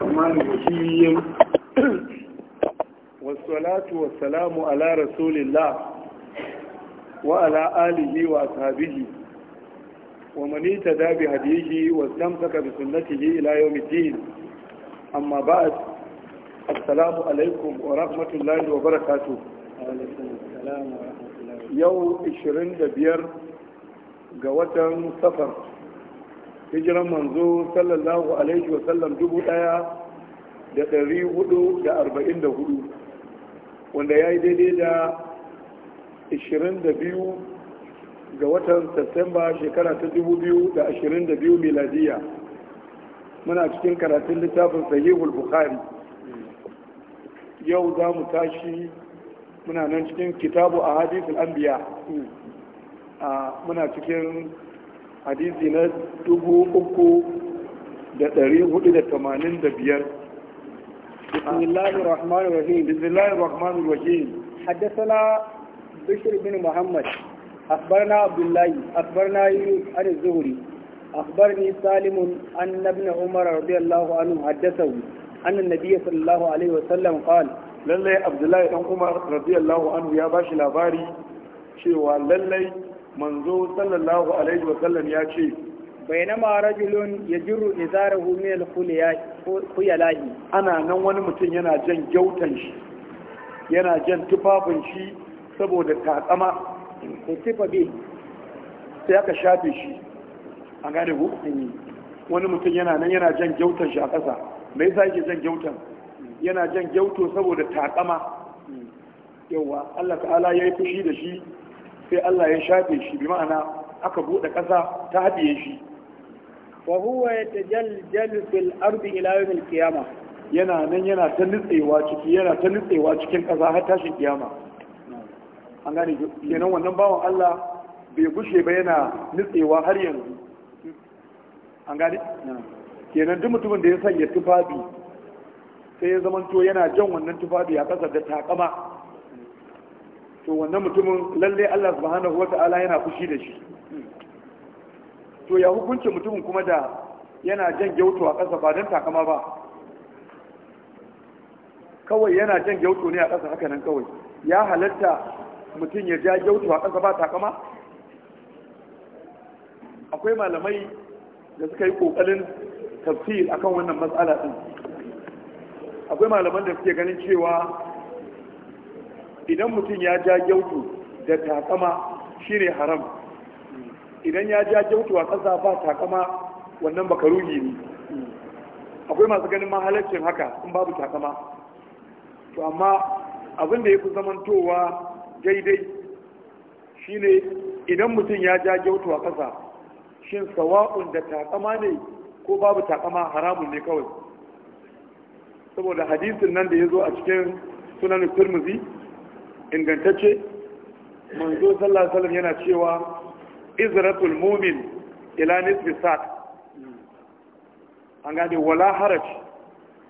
amani da shi yin wasu wasalamu ala rasulillah wa ala alihi wa sabihi wa ta dabi hadihi wa samtaka bi sunnatihi ila yau mitin amma ba a assalamu alaikum wa rahmatullahi wa barakatu yau 25 ga watan safar hijiran manzo sallallahu alaihi wa sallam dubu daya da dari hudu da arba'in da hudu wanda ya yi daidai da ishirin da biyu ga watan satamba shekara ta dubu biyu da ashirin da biyu miladiya muna cikin karatun littafin sahihul bukhari yau za mu tashi muna nan cikin kitabu hmm. a hadisul anbiya muna cikin hadisi na dubu uku da ɗari hudu da tamanin da biyar bismillahir rahmanir rahim bismillahir rahmanir rahim حدثنا بشر بن محمد أخبرنا عبد الله أخبرنا عن الزهري أخبرني سالم أن ابن عمر رضي الله عنه حدثه أن النبي صلى الله عليه وسلم قال للي عبد الله بن عمر رضي الله عنه يا باشا لاباري شيوا للي manzo sallallahu alaihi wa sallam ya ce bainama rajulun yajru izarahu min al-khuyalahi ana nan wani mutum yana jan gyautan shi yana jan tufafin shi saboda ko tufa bi sai aka shafe shi an gane ku hmm. wani mutum yana nan yana jan gyautan shi a ƙasa me yasa yake jan gyautan yana jan gyauto saboda takama hmm. yauwa Allah ta'ala ya yi fushi da shi sai Allah ya shafe shi bi ma'ana aka buɗe ƙasa ta haɗiye shi wa huwa yatajaljal fil ardi ila al qiyamah yana nan yana ta nutsewa ciki yana ta nitsewa cikin ƙasa har tashin kiyama an gane kenan wannan bawan Allah bai gushe ba yana nutsewa har yanzu an gane kenan duk mutumin da ya sanya tufafi sai ya zamanto yana jan wannan tufafi a ƙasar da takama to wannan mutumin lalle Allah subhanahu wata'ala yana fushi da shi to ya hukunci mutumin kuma da yana jan gyauto a ƙasa ba don takama ba kawai yana jan gyauto ne a ƙasa haka nan kawai ya halatta mutum ya ja gyauto a ƙasa ba takama akwai malamai da suka yi ƙoƙarin tafsir akan wannan matsala din? akwai malaman da suke ganin cewa idan mutum ya ja gyautu da takama ne haram idan ya ja gyautu a ƙasa ba takama wannan makaruhi ne akwai masu ganin mahalaccin haka in babu takama to amma abin da ya fi zamantowa daidai shi ne idan mutum ya ja gyautu a ƙasa shin sawa'un da takama ne ko babu takama haramun ne kawai saboda hadisin nan da ya zo a cikin sunan turmuzi ingantacce manzo sallallahu alaihi yana cewa izratul mu'min ila nisbi saq an gane wala haraj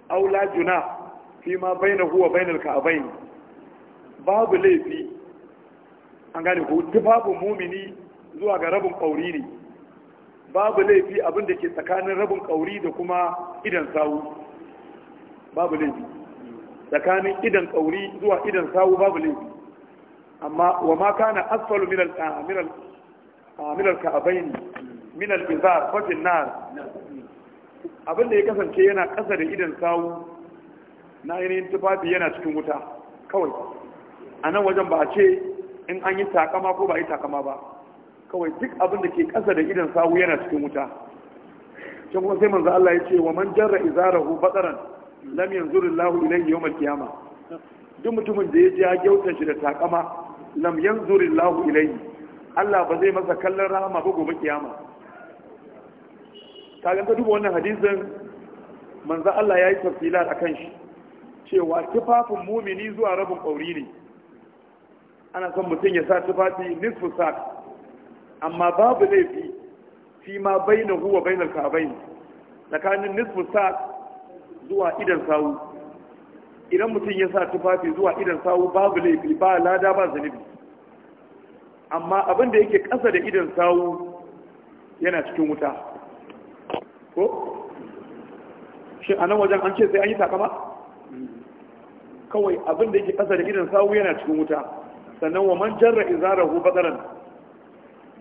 aw la juna fi ma bainahu wa bainal ka'bayn babu laifi an gane ko babu mumini zuwa ga rabin kauri ne babu laifi abin da ke tsakanin rabin kauri da kuma idan sawu babu laifi tsakanin idan kauri zuwa idan sawu babu laifi amma wa ma kana asfalu min al ah, ah, min al ka'abaini min al izar fa nar abinda ya kasance yana kasa da idan sawu na ainihin tufafi yana cikin wuta kawai a nan wajen ba a ce in an yi takama ko ba a yi takama ba kawai duk abin da ke kasa da idan sawu yana cikin wuta can kuma sai manzo Allah ya ce wa man jarra izarahu bataran lam yanzuru lahu ilayhi yawm al-qiyama duk mutumin da ya ji ya gyautar shi da takama lam yanzuru lahu ilayhi Allah ba zai masa kallon rahama ba gobe kiyama kaga ka duba wannan hadisin manzo Allah yayi tafsila akan shi cewa tufafin mumini zuwa rabin kauri ne ana son mutum ya sa tufafi nisfu sak amma babu laifi fi ma bainahu wa bainal ka'bayn tsakanin nisfu sak zuwa idan sawu idan mutum ya sa tufafi zuwa idan sawu babu laifi ba lada ba zanibi amma abin da yake ƙasa da idan sawu yana cikin wuta ko shi a nan wajen an ce sai an yi takama kawai abin da yake ƙasa da idan sawu yana cikin wuta sannan wa man jarra izarahu bazaran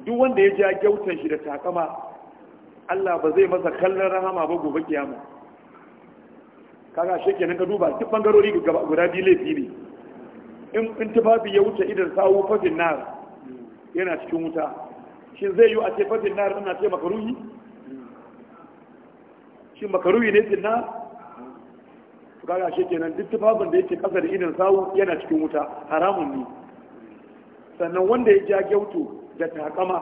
duk wanda ya ja gyautan shi da takama Allah ba zai masa kallon rahama ba gobe kiyama kaga shi kenan ka duba duk bangarori guda biyu laifi ne in tufafi ya wuce idan sawo fafin nar yana cikin wuta shin zai yi a ce fafin nar ina ce makaruhi shin makaruhi ne fil nar kaga shi kenan duk tufafin da yake kasa da idan sawo yana cikin wuta haramun ne sannan wanda ya ja gyauto da takama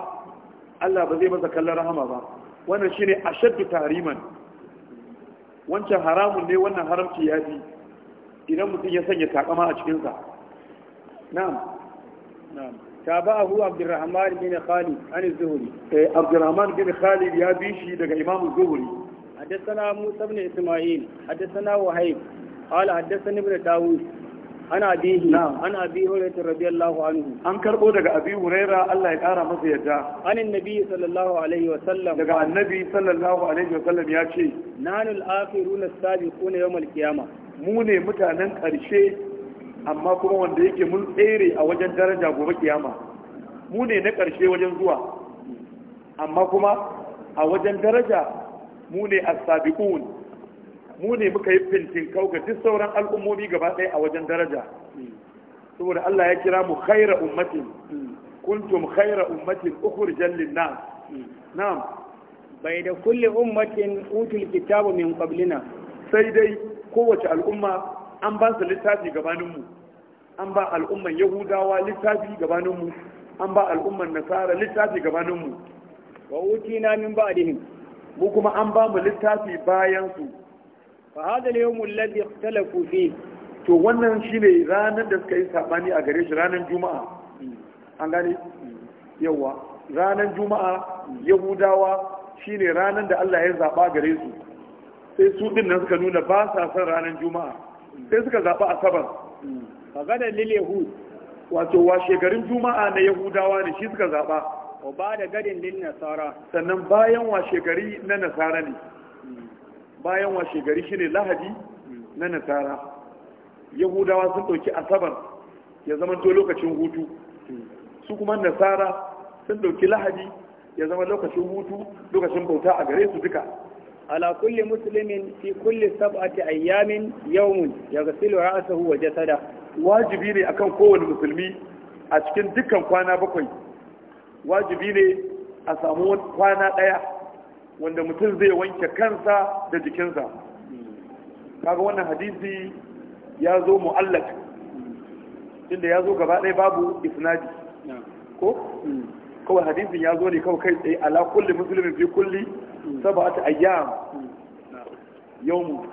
Allah ba zai masa kallon rahama ba wannan shine ashaddu tariman wancan haramun ne wannan haramci ya fi idan mutum ya sanya takama a cikinsa na'am na'am tabahu abdurrahman bin khalid an zuhri eh abdurrahman bin khalid ya bi shi daga imam zuhri حدثنا موسى بن اسماعيل حدثنا وهيب قال حدثني ابن داوود ana bihi ana abi hurairah radiyallahu anhu an karbo daga abi hurairah Allah ya kara masa yadda anin nabi sallallahu alaihi wa sallam daga annabi sallallahu alaihi wa sallam ya ce nanul akhiruna sabiquna yawmal qiyama mu ne mutanen karshe amma kuma wanda yake mun tsere a wajen daraja gobe kiyama mu ne na karshe wajen zuwa amma kuma a wajen daraja mu ne as-sabiqun mu ne muka yi fintin kau duk sauran al'ummomi gaba ɗaya a wajen daraja saboda Allah ya kira mu khaira ummatin kuntum khaira ummatin ukhrijal linnas na'am bai da kulli ummatin utul kitabu min qablina sai dai kowace al'umma an ba su littafi gabanin mu an ba al'umman yahudawa littafi gabanin mu an ba al'umman nasara littafi gabanin mu wa utina min ba'dihim mu kuma an ba mu littafi bayan su فهذا اليوم الذي yawm فيه ikhtalafu to wannan shine ranar da suka yi sabani a gare shi ranar juma'a an gane yawa ranar juma'a yahudawa shine ranar da Allah ya zaba gare su sai su din nan suka nuna ba sa son ranar juma'a sai suka zaba asabar fa gada lil yahud wato wa shekarun juma'a na yahudawa ne shi suka zaba wa ba da gadin din nasara sannan bayan wa gari na nasara ne bayan washe gari ne lahadi na nasara yahudawa sun ɗauki asabar ya zama to lokacin hutu su kuma nasara sun ɗauki lahadi ya zama lokacin hutu lokacin bauta a gare su duka ala kulli muslimin fi kulli sab'ati ayyamin yawmun yaghsilu ra'sahu wa jasada wajibi ne akan kowane musulmi a cikin dukkan kwana bakwai wajibi ne a samu kwana daya wanda mutum zai wanke kansa da jikinsa kaga wannan hadisi ya zo mu'allak inda ya zo gaba ɗaya babu isnadi ko kawai hadisin ya zo ne kawai kai tsaye ala kulli musulmin fi kulli sab'ati ayyam yawmu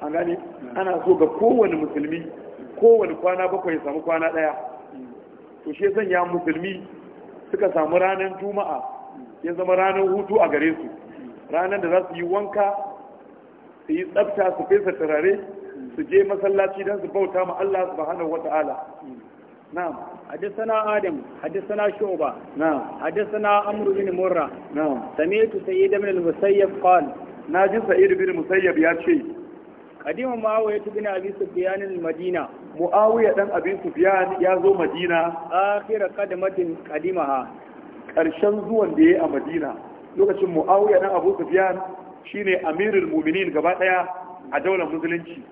an gane ana so ga kowane musulmi kowane kwana bakwai ya samu kwana ɗaya to shi ya musulmi suka samu ranar juma'a ya zama ranar hutu a gare su ranar da za su yi wanka su yi tsafta su fesa turare su je masallaci don su bauta wa Allah su bahana wata ala na'am hadisana adam hadisana shoba na'am hadisana amru bin murra na'am sami'tu sayyid ibn al-musayyab qal naji sayyid ibn musayyab ya ce qadima ma'awiya ibn abi sufyan al-madina muawiya dan abi sufyan ya zo madina akhir qadamatin kadimaha. Karshen zuwan da ya yi a madina lokacin mu'awiya na abu sufiyan shine amirul muminin gaba ɗaya a daular musulunci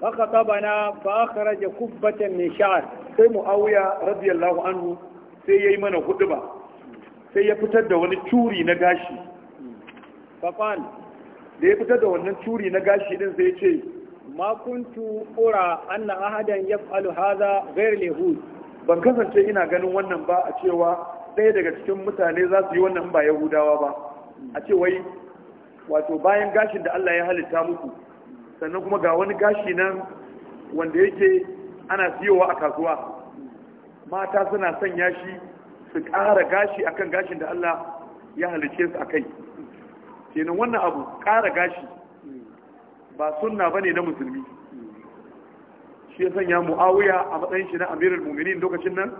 haka tabana fa da kubbatan min sha'ar. sai muawiya radiyallahu anhu sai ya yi mana huduba sai ya fitar da wani curi na gashi fafan da ya fitar da wannan curi na gashi din sai ya ce ma kuntu ura anna ahadan yaf'alu hadha ghayr yahud ban kasance ina ganin wannan ba a cewa ɗaya daga cikin mutane za su yi wannan ba yahudawa ba a ce wai wato bayan gashin da Allah ya halitta muku sannan kuma ga wani gashi nan wanda yake ana siyowa a kasuwa mata suna sanya shi su ƙara gashi akan gashin da Allah ya halice su a kai kenan wannan abu ƙara gashi ba sunna bane na musulmi shi ya sanya mu'awuya a matsayin shi na amirul muminin lokacin nan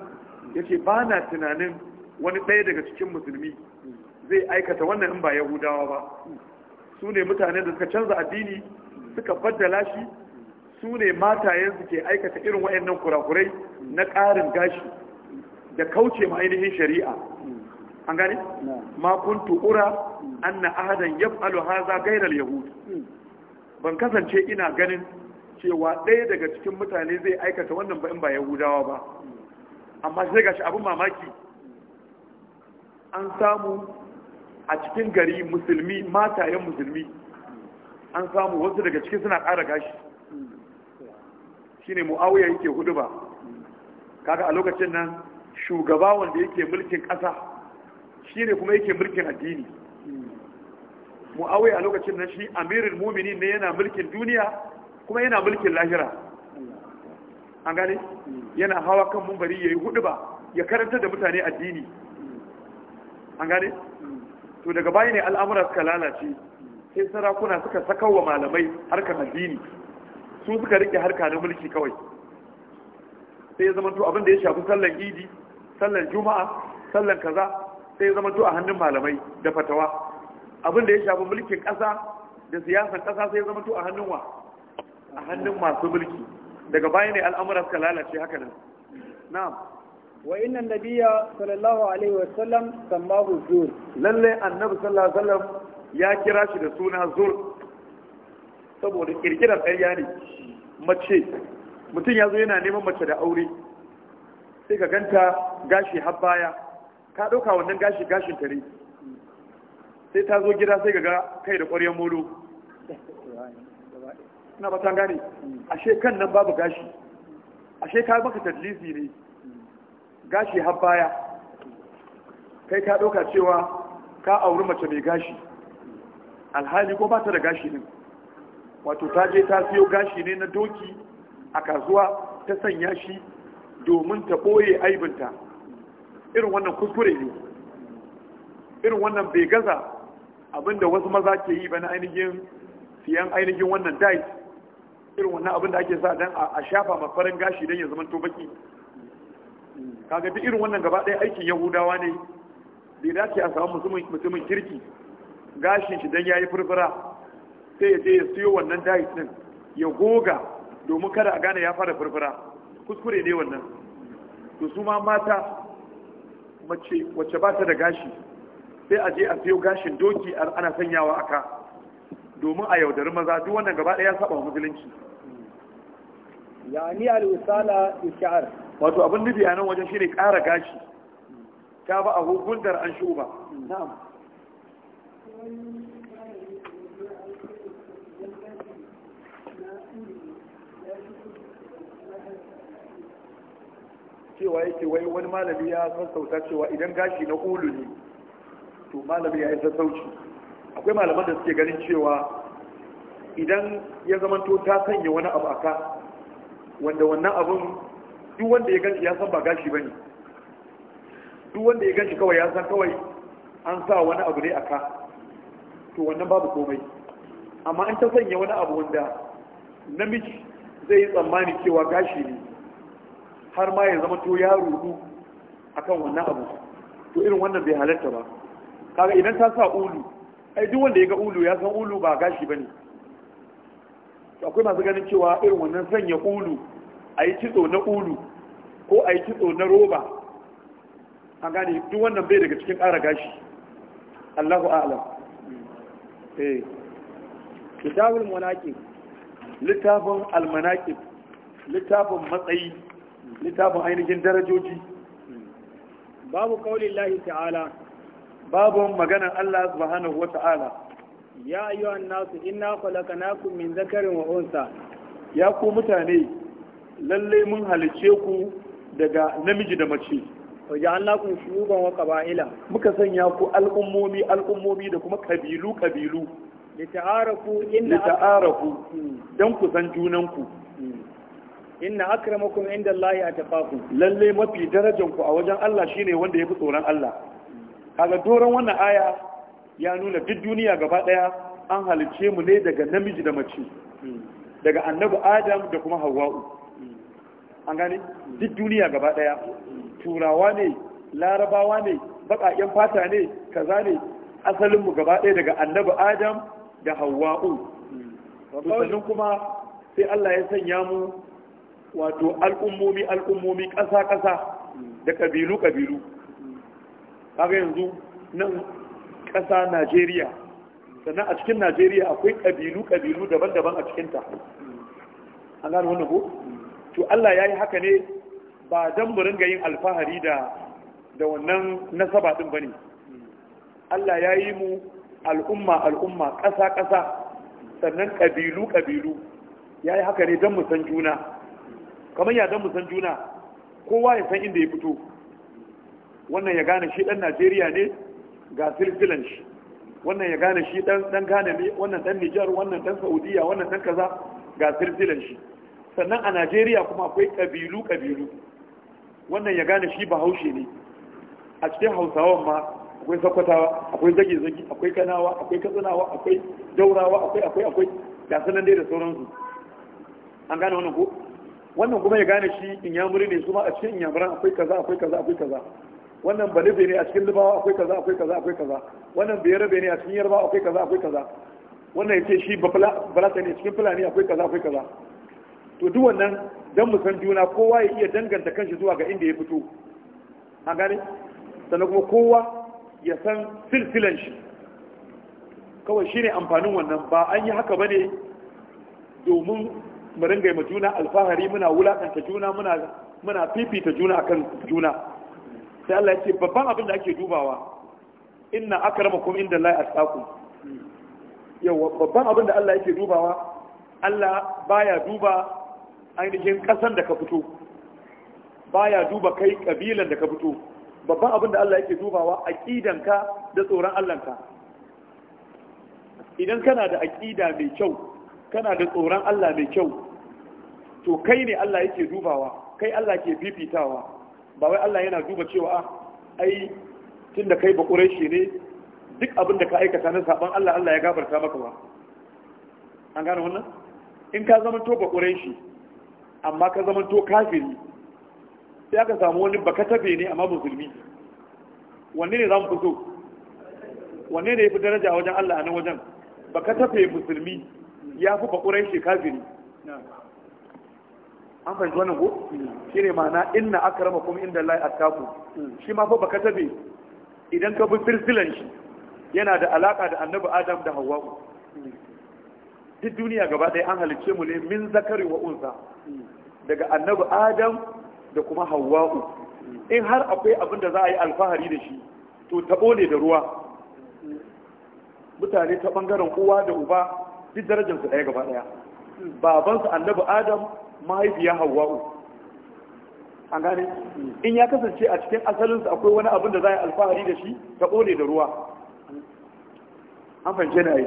yace ba na tunanin wani ɗaya daga cikin musulmi zai aikata wannan in ba yahudawa ba su ne mutane da suka canza addini suka baddala shi su ne matayensu ke aikata irin waɗannan kurakurai na ƙarin gashi da kauce ma ainihin shari'a an gane ma tuƙura an anna ahadan ya hadha ghayra yahud ban kasance ina ganin cewa ɗaya daga cikin mutane zai aikata wannan ba in ba yahudawa ba amma sai gashi abin mamaki an samu a cikin gari musulmi matayen musulmi an samu wasu daga cikin suna ƙara gashi shine mu'awiya yake hudu ba kaga a lokacin nan shugaba wanda yake mulkin ƙasa shine kuma yake mulkin addini mu'awiya a lokacin nan shi amirin muminin ne yana mulkin duniya kuma yana mulkin lahira an gane yana hawa kan mumbari ya yi hudu ba ya karanta da mutane addini an gane to daga baya ne al'amura suka lalace sai sarakuna suka sakawa malamai harkar addini su suka rike harka na mulki kawai sai ya zamanto abin da ya shafi sallan idi sallan juma'a sallan kaza sai ya zamanto a hannun malamai da fatawa abin da ya shafi mulkin ƙasa da siyasar ƙasa sai ya zamanto a hannun wa a hannun masu mulki daga baya ne al'amura suka lalace haka nan na'am wa inna nabiyya sallallahu alaihi wa sallam sammahu zur lalle annabi sallallahu alaihi wa sallam ya kira shi da suna zur saboda kirkirar ƙarya ne mace mutum ya zo yana neman mace da aure sai ka ganta gashi har baya ka ɗauka wannan gashi gashin tare sai ta zo gida sai ka ga kai da ƙwaryen molo na ba gane ashe kan nan babu gashi ashe ka baka tadlisi ne gashi har baya kai ka ɗauka cewa ka auri mace mai gashi alhali ko ba ta da gashi din wato ta je ta siyo gashi ne na doki a kasuwa ta sanya shi domin ta ɓoye aibinta irin wannan kuskure ne irin wannan bai gaza abinda wasu maza ke yi ba na ainihin siyan ainihin wannan dai irin wannan abin ake sa dan a shafa mafarin gashi don ya zama to baki kaga duk irin wannan gaba ɗaya aikin yahudawa ne bai dace a samu mutumin kirki gashin shi dan yayi furfura sai ya je ya siyo wannan dais din ya goga domin kada a gane ya fara furfura kuskure ne wannan to su ma mata mace wacce ba ta da gashi sai a je a siyo gashin doki ana sanyawa aka domin a yaudari maza duk wannan gaba ɗaya ya saba musulunci yani al-usala ishar wato abin nufi a nan wajen shi ne ƙara gashi ta ba a hukuntar an shi uba na'am cewa yake wai wani malami ya sassauta cewa idan gashi na ulu ne to malami ya yi sassauci akwai malaman da suke ganin cewa idan ya zamanto ta sanya wani abu aka wanda wannan abun duk wanda ya ganshi ya san ba gashi bane duk wanda ya ganshi kawai ya san kawai an sa wani abu ne a ka to wannan babu komai amma an ta sanya wani abu wanda namiji zai yi tsammani cewa gashi ne har ma ya zama to ya rudu akan wannan abu to irin wannan bai halarta ba kaga idan ta sa ulu ai duk wanda ya ga ulu ya san ulu ba gashi bane to akwai masu ganin cewa irin wannan sanya ulu a yi kitso na ulu ko a yi kitso na roba A gane duk wannan bai daga cikin ƙara gashi allahu alam eh kitabul munaqib littafin almanaqib littafin matsayi littafin ainihin darajoji babu lahi ta'ala babu magana Allah subhanahu wa ta'ala ya ayyuhan nasu inna khalaqnakum min dhakarin wa unsa ya ku mutane lalle mun halice ku daga namiji da mace wa ja'alnakum shuyuban wa qaba'ila muka sanya ku al'ummomi al'ummomi da kuma kabilu kabilu lita'arafu inna lita'arafu dan ku san junan ku hmm. inna akramakum inda Allah tafaku lalle mafi darajan ku a wajen Allah shine wanda yafi tsoron Allah kaga doron wannan aya ya nuna duk duniya gaba daya an halice mu ne daga namiji da mace hmm. daga annabi Adam da kuma Hawwa'u an gane duk duniya gaba daya turawa ne larabawa ne baƙaƙen fata ne kaza ne asalinmu gaba ɗaya daga annabi adam da hawa'u sannan kuma sai allah ya sanya mu wato al'ummomi al'ummomi ƙasa-ƙasa da ƙabilu-ƙabilu kaga yanzu nan ƙasa najeriya sannan a cikin najeriya akwai ƙabilu-ƙabilu daban-daban a cikinta an gano wannan ko to Allah ya yi haka ne ba don mu ringa yin alfahari da da wannan nasaba din bane Allah ya yi mu al'umma al'umma ƙasa ƙasa sannan ƙabilu ƙabilu ya yi haka ne don mu san juna kamar ya don mu san juna kowa ya san inda ya fito wannan ya gane shi ɗan Najeriya ne ga silsilan shi wannan ya gane shi ɗan Ghana ne wannan ɗan Nijar wannan ɗan Saudiya wannan ɗan kaza ga silsilan shi sannan a najeriya kuma akwai ƙabilu ƙabilu wannan ya gane shi bahaushe ne a cikin hausawan ma akwai sakwatawa akwai zage-zage akwai kanawa akwai katsinawa akwai daurawa akwai akwai akwai Ya sanan dai da sauransu an gane wannan ko wannan kuma ya gane shi inyamuri ne su ma a cikin inyamuran akwai kaza akwai kaza akwai kaza wannan balibe ne a cikin libawa akwai kaza akwai kaza akwai kaza wannan berabe ne a cikin yarbawa akwai kaza akwai kaza wannan ya ce shi balata ne cikin fulani akwai kaza akwai kaza to duk wannan dan mu san juna kowa ya iya danganta kanshi zuwa ga inda ya fito an gane sannan kuma kowa ya san silsilan shi kawai shine amfanin wannan ba an yi haka bane domin mu ringa ma juna alfahari muna wulakanta juna muna muna fifita juna akan juna sai Allah ya ce babban abin da ake dubawa inna akramakum inda Allah asqakum yawa babban abin da Allah yake dubawa Allah baya duba ainihin ƙasan da ka fito baya duba kai ƙabilan da ka fito babban abin da Allah yake dubawa ka da tsoron Allahnka idan kana da aƙida mai kyau kana da tsoron Allah mai kyau to kai ne Allah yake dubawa kai Allah ke fifitawa ba wai Allah yana duba cewa ah, ai tun da kai ba kureshi ne duk abin da ka aikata na saban Allah Allah ya gafarta maka ba an gane wannan in ka zama to ba kureshi amma ka zama to kafiri sai aka samu wani baka tafe ne amma musulmi wanne ne za mu fito wanne ne ya fi daraja a wajen Allah a nan wajen baka tafe musulmi ya fi bakurai shi kafiri an fahimci wannan ko shi ne ma'ana inna rama kuma inda lai attaku shi ma fa baka tafe idan ka bi silsilan shi yana da alaka da annabi adam da hawwa'u duk duniya gaba ɗaya an halicce mu ne min zakari wa unsa daga annabi adam da kuma hawa'u in har akwai abin da za a yi alfahari da shi to taɓo ne da ruwa mutane ta ɓangaren uwa da uba duk darajarsu ɗaya gaba ɗaya babansu annabi adam mahaifiya hawa'u an gane in ya kasance a cikin asalinsu akwai wani abin da za a yi alfahari da shi taɓo ne da ruwa an fahimce na yi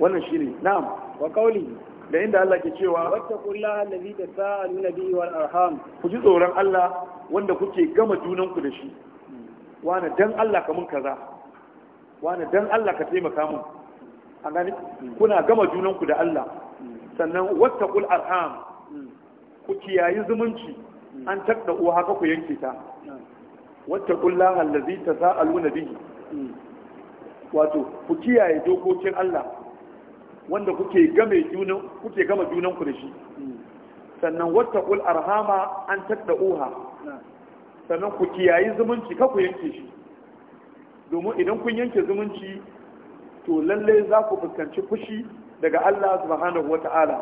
wannan shi ne. na'am wa qawli da inda Allah ke cewa wattaqullaha allazi tasaaluna bihi wal arham ku ji tsoron Allah wanda kuke gama junan ku da shi wani dan Allah ka mun kaza wani dan Allah ka taimaka mun an gani kuna gama junan ku da Allah sannan wattaqul arham ku kiyayi zumunci an takda uwa haka ku yanke ta wattaqullaha allazi tasaaluna bihi hmm. wato ku kiyaye dokokin Allah wanda kuke game kuke gama junan ku da shi sannan ul arhama an tad'uha sannan ku kiyayi zumunci ka ku yanke shi domin idan kun yanke zumunci to lalle za ku fuskanci fushi daga Allah subhanahu wata'ala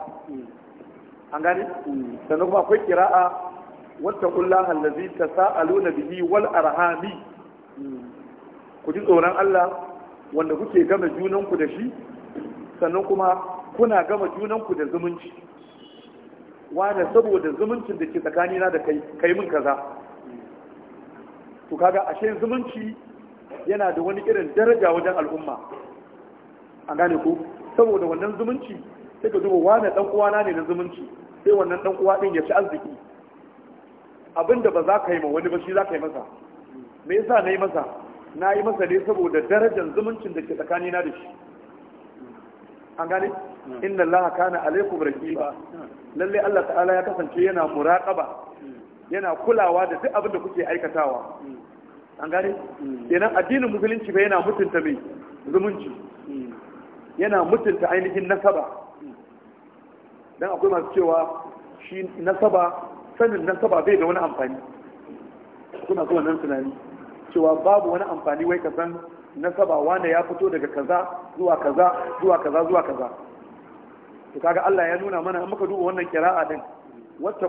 an gane sannan kuma akwai kira'a wattaqullaha allazi tasaaluna bihi wal arhami ku ji tsoron Allah wanda kuke gama junanku da shi sannan kuma kuna gama junanku da zumunci wane saboda zumuncin da ke tsakanina da kai min kaza to kaga ashe zumunci yana da wani irin daraja wajen al'umma an gane ko saboda wannan zumunci sai ka duba wane dan uwana ne na zumunci sai wannan dan uwa din ya ci arziki abinda ba za ka yi ma wani ba shi za ka yi masa me yasa na yi masa na yi masa ne saboda darajar zumuncin da ke tsakanina da shi an gane hmm. inna allaha kana alaikum rakiba lalle Allah ta'ala ya kasance yana muraqaba yana kulawa da duk abin da kuke aikatawa hmm. an gane idan hmm. addinin musulunci ba yana mutunta mai zumunci yana mutunta ainihin nasaba dan akwai masu cewa shi nasaba sanin nasaba bai da wani amfani kuna zuwa nan tunani cewa babu wani amfani wai ka san nasaba wanda ya fito daga kaza zuwa kaza zuwa kaza zuwa kaza to kaga Allah ya nuna mana muka duba wannan kira'a din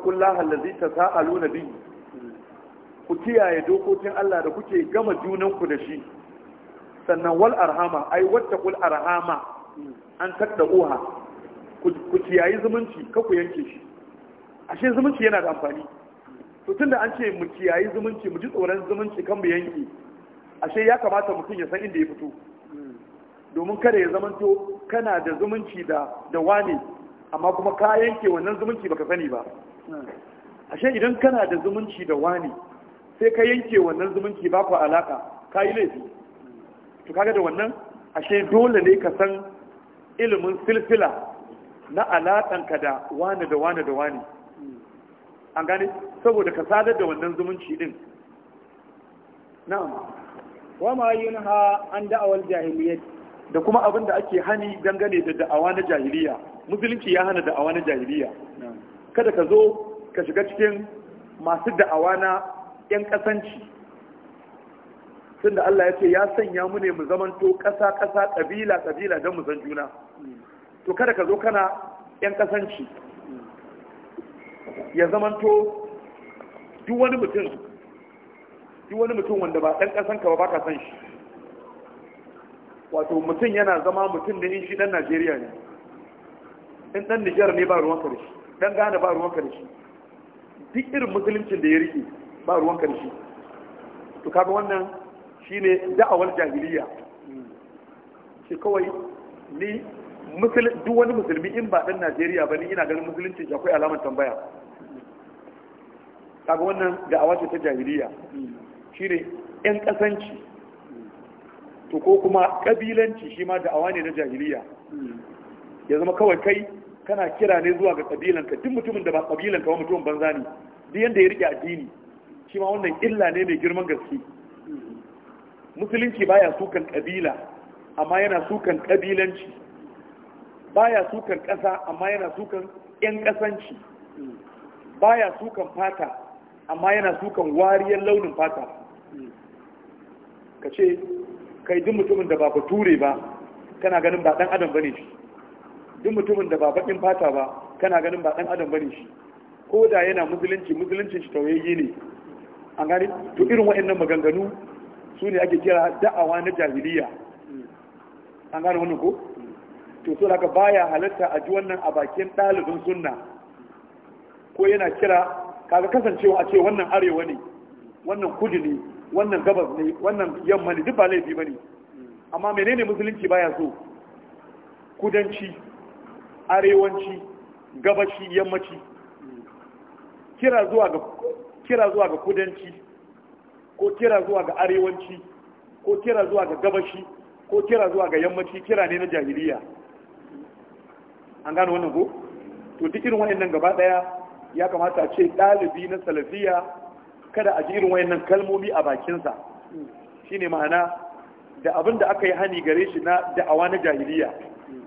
kullaha allazi tasaaluna bihi ku kiyaye dokokin Allah da kuke gama junan ku da shi sannan wal arhama ai wattaqul arhama an takda uha ku kiyayi zumunci ka ku yanke shi ashe zumunci yana da amfani to tunda an ce mu kiyayi zumunci mu ji tsoron zumunci kan mu yanke ashe ya kamata mutum ya san inda ya fito domin kada ya zamanto kana da zumunci da da wane amma kuma ka yanke wannan zumunci baka sani ba ashe idan kana da zumunci da wane sai ka yanke wannan zumunci ba ku alaka ka yi laifi to kaga da wannan ashe dole ne ka san ilimin silsila na alaƙanka da wane da wane da wane an gane saboda ka sadar da wannan zumunci din na'am wa ma yunha an da'awal jahiliyyah da kuma abin da ake hani dangane da da'awa na jahiliya musulunci ya hana da'awa na jahiliya kada ka zo ka shiga cikin masu da'awa na yan kasanci tunda Allah ya ce ya sanya mu ne mu zamanto ƙasa ƙasa ƙabila ƙabila don mu san juna to kada ka zo kana yan kasanci ya zamanto duk wani mutum Yi wani mutum wanda ba ɗan ƙasan ka ba ba ka san shi wato mutum yana zama mutum da in shi ɗan najeriya ne in ɗan nijar ne ba ruwan karshe ɗan ghana ba ruwan karshe duk irin musuluncin da ya rike ba ruwan karshe to kaga wannan shine da'awar jahiliya shi kawai ni duk wani musulmi in ba ɗan najeriya ba ni ina ganin musuluncin akwai alamar tambaya kaga wannan da'awa ce ta jahiliya shine yan kasanci to ko kuma kabilanci shi ma da'awa ne na jahiliya ya zama kawai kai kana kira ne zuwa ga kabilanka duk mutumin da ba kabilanka ba mutumin banza ne duk yanda ya rike addini shi ma wannan illa ne mai girman gaske musulunci baya sukan kabila amma yana sukan kabilanci baya sukan kasa amma yana sukan yan kasanci baya sukan fata amma yana sukan wariyar launin fata ka ce kai duk mutumin da ba ture ba kana ganin ba dan adam bane shi duk mutumin da ba bakin fata ba kana ganin ba dan adam bane shi ko da yana musulunci musuluncin shi tauyayye ne an gani to irin waɗannan maganganu su ne ake kira da'awa na jahiliya an gane wannan ko to so haka baya halatta a ji wannan a bakin ɗalibin sunna ko yana kira kaga kasancewa a ce wannan arewa ne wannan kudu ne wannan gabas ne wannan yamma ne duk ba laifi ba ne amma menene musulunci baya so kudanci arewanci gabashi yammaci kira zuwa ga kira zuwa ga kudanci ko kira zuwa ga arewanci ko kira zuwa ga gabashi ko kira zuwa ga yammaci kira ne na jahiliya an gano wannan ko to duk irin wannan gaba daya ya kamata a ce ɗalibi na salafiya kada a jirin irin wayannan kalmomi a bakinsa shine ma'ana da abin da aka yi hani gare shi na da'awa na jahiliya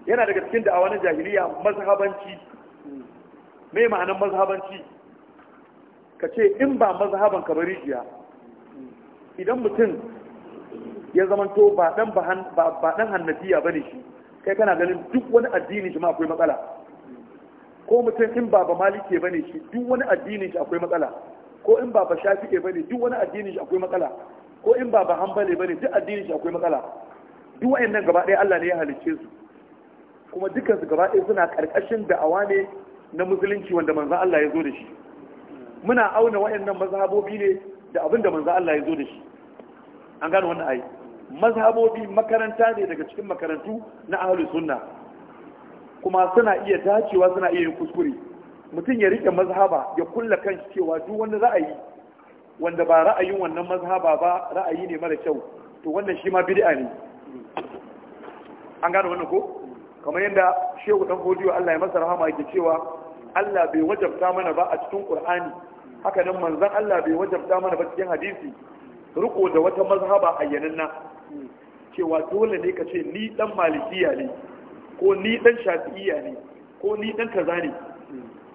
yana daga cikin da'awa na jahiliya mazhabanci me ma'anan mazhabanci ka ce in ba mazhaban ka bari jiya idan mutum ya zamanto ba dan ba dan hannafiya bane shi kai kana ganin duk wani addini shi ma akwai matsala ko mutum in ba ba malike bane shi duk wani addinin shi akwai matsala ko in ba ba shafi'e bane duk wani addini shi akwai matsala ko in ba ba hanbali bane duk addini shi akwai matsala duk wayannan gaba ɗaya Allah ne ya halicce su kuma dukkan su gaba ɗaya suna karkashin da'awa ne na musulunci wanda manzo Allah ya zo da shi muna auna wayannan mazhabobi ne da abin da manzo Allah ya zo da shi an gano wannan ayi mazhabobi makaranta ne daga cikin makarantu na ahlus sunna kuma suna iya dacewa suna iya yin kuskure mutum ya rike mazhaba ya kulla kan shi cewa duk wani ra'ayi wanda ba ra'ayin wannan mazhaba ba ra'ayi ne mara kyau to wannan shi ma bid'a ne an gane wannan ko kamar yadda shehu dan godiyo Allah ya masa rahama yake cewa Allah bai wajabta mana ba a cikin Qur'ani haka nan manzon Allah bai wajabta mana ba cikin hadisi riko da wata mazhaba ayyananna cewa dole ne ka ce ni dan malikiya ne ko ni dan shafi'iyya ne ko ni dan kaza ne